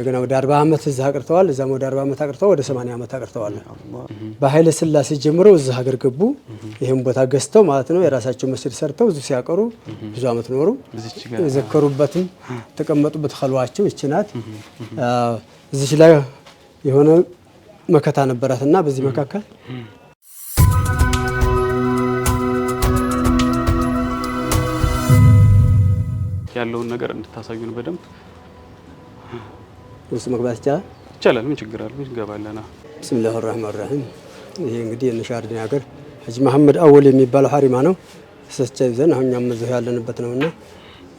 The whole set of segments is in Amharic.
እንደገና ወደ 40 ዓመት እዛ አቅርተዋል። እዛም ወደ 40 ዓመት አቅርተው ወደ 80 ዓመት አቅርተዋል። በኃይለ ስላሴ ጀምሮ እዛ ሀገር ገቡ። ይህም ቦታ ገዝተው ማለት ነው የራሳቸው መስጊድ ሰርተው እዚህ ሲያቀሩ ብዙ ዓመት ኖሩ። የዘከሩበትም ተቀመጡበት ኸልዋቸው ይቺ ናት። እዚች ላይ የሆነ መከታ ነበራትና በዚህ መካከል ያለውን ነገር እንድታሳዩን በደንብ ውስጥ መግባት ይቻላል? ይቻላል። ምን ችግር አለ? እንገባለና። ብስሚላህ ራህማን ራሂም። ይሄ እንግዲህ የነሻርዲን ሀገር ሀጂ መሐመድ አወል የሚባለው ሀሪማ ነው። ሰቻ ይዘን አሁን እኛም እዚሁ ያለንበት ነውና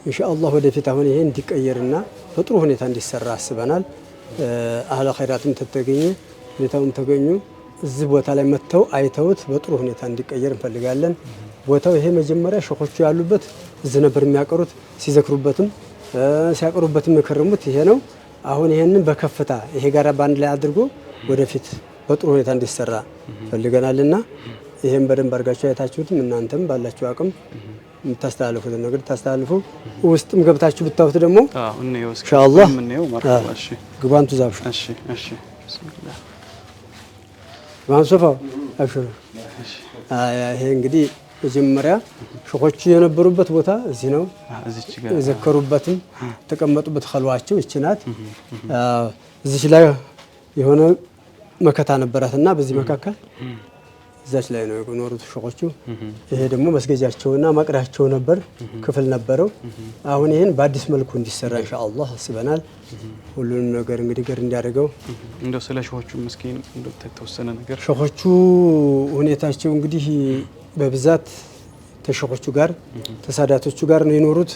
ኢንሻአላህ ወደፊት አሁን ይሄ እንዲቀየርና በጥሩ ሁኔታ እንዲሰራ አስበናል። አህለ ኸይራትም ተተገኘ ሁኔታውም ተገኙ እዚህ ቦታ ላይ መጥተው አይተውት በጥሩ ሁኔታ እንዲቀየር እንፈልጋለን። ቦታው ይሄ መጀመሪያ ሸኾቹ ያሉበት እዚህ ነበር የሚያቀሩት፣ ሲዘክሩበትም ሲያቀሩበትም የከረሙት ይሄ ነው። አሁን ይህንን በከፍታ ይሄ ጋራ በአንድ ላይ አድርጎ ወደፊት በጥሩ ሁኔታ እንዲሰራ ፈልገናልና ይህም በደንብ አድርጋችሁ አይታችሁትም እናንተም ባላችሁ አቅም የምታስተላልፉትን ነገር ታስተላልፉ። ውስጥም ገብታችሁ ብታዩት ደግሞ ኢንሻአላህ ግባን ዛብሹ ግባንቱ ይሄ እንግዲህ መጀመሪያ ሸኾቹ የነበሩበት ቦታ እዚህ ነው። የዘከሩበትም የተቀመጡበት ከልዋቸው ይች ናት። እዚች ላይ የሆነ መከታ ነበራት እና በዚህ መካከል እዛች ላይ ነው የኖሩት ሸኾቹ። ይሄ ደግሞ መስገጃቸውና ማቅሪያቸው ነበር ክፍል ነበረው። አሁን ይህን በአዲስ መልኩ እንዲሰራ ኢንሻአላህ አስበናል። ሁሉንም ነገር እንግዲህ ገር እንዲያደርገው እንደው ስለ ሸኾቹ መስኪን ተወሰነ ነገር ሸኾቹ ሁኔታቸው እንግዲህ በብዛት ተሸኾቹ ጋር ተሳዳቶቹ ጋር ነው የኖሩት።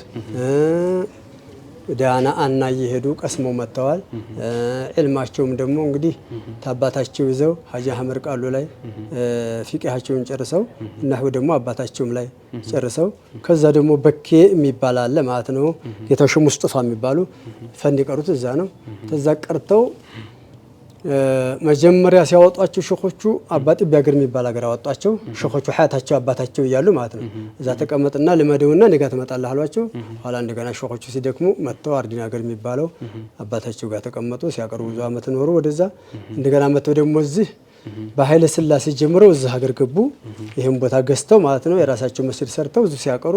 ዳና አና እየሄዱ ቀስመው መጥተዋል። ዕልማቸውም ደግሞ እንግዲህ ታባታቸው ይዘው ሀጂ አህመድ ቃሉ ላይ ፊቅሃቸውን ጨርሰው እና ደግሞ አባታቸውም ላይ ጨርሰው ከዛ ደግሞ በኬ የሚባል አለ ማለት ነው ጌታቸው ሙስጠፋ የሚባሉ ፈንድ የቀሩት እዛ ነው። ቀርተው መጀመሪያ ሲያወጧቸው ሸኾቹ አባ ጥቢ ሀገር የሚባል ሀገር አወጧቸው። ሸኾቹ ሀያታቸው አባታቸው እያሉ ማለት ነው። እዛ ተቀመጥና ልመደውና እንደጋ ትመጣለህ አሏቸው። ኋላ እንደገና ሸኾቹ ሲደክሙ መጥተው አርዲን ሀገር የሚባለው አባታቸው ጋር ተቀመጡ። ሲያቀርቡ ብዙ ዓመት ኖሩ። ወደዛ እንደገና መጥተው ደግሞ እዚህ በኃይለ ስላሴ ጀምረው እዚህ ሀገር ገቡ። ይህም ቦታ ገዝተው ማለት ነው የራሳቸው መስጊድ ሰርተው እዚሁ ሲያቀሩ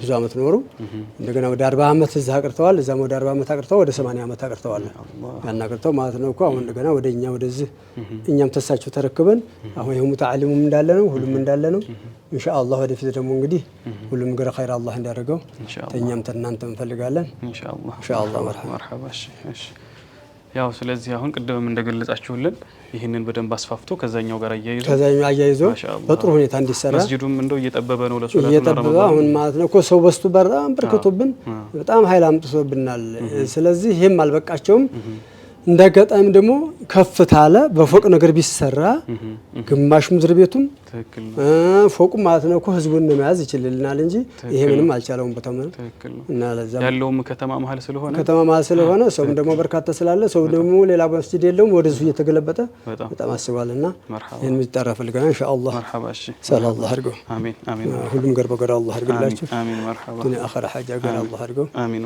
ብዙ ዓመት ኖሩ። እንደገና ወደ 40 ዓመት እዚህ አቅርተዋል። እዛም ወደ 40 ዓመት አቅርተው ወደ 80 ዓመት አቅርተዋል። ያን አቅርተው ማለት ነው እኮ አሁን እንደገና ወደ እኛ ወደዚህ እኛም ተሳቸው ተረክበን አሁን ይህ ሙተዓሊሙም እንዳለ ነው፣ ሁሉም እንዳለ ነው። ኢንሻአላህ ወደፊት ደግሞ እንግዲህ ሁሉም ነገር ኸይር አላህ እንዲያደርገው እኛም ተናንተ እንፈልጋለን። ኢንሻአላህ መርሐባ ያው ስለዚህ አሁን ቅድምም እንደገለጻችሁልን ይህንን በደንብ አስፋፍቶ ከዛኛው ጋር አያይዞ ከዛኛው አያይዞ በጥሩ ሁኔታ እንዲሰራ መስጂዱም እንደው እየጠበበ ነው ለሶላት እየጠበበ አሁን ማለት ነው እኮ ሰው በስቱ በጣም በርክቶብን በጣም ኃይል አምጥቶብናል። ስለዚህ ይህም አልበቃቸውም። እንደ አጋጣሚ ደግሞ ከፍት አለ በፎቅ ነገር ቢሰራ ግማሽ ምድር ቤቱም ፎቁ ማለት ነው እኮ ህዝቡን መያዝ ይችልልናል እንጂ ይሄ ምንም አልቻለውም። ቦታው እና ለዛ ያለውም ከተማ መሀል ስለሆነ ከተማ መሀል ስለሆነ ሰውም ደግሞ በርካታ ስላለ ሰው ደግሞ ሌላ መስጂድ የለውም ወደዙ እየተገለበጠ በጣም አስባልና ይሄን ምጣራ ፈልጋና ኢንሻአላህ መርሐባ እሺ ሰላላህ አድርጎ አሜን አሜን ሁሉም ገርበ ገራ አላህ አድርግላችሁ አሜን መርሐባ ምን አኺራ ሐጃ ገራ አላህ አድርጎ አሜን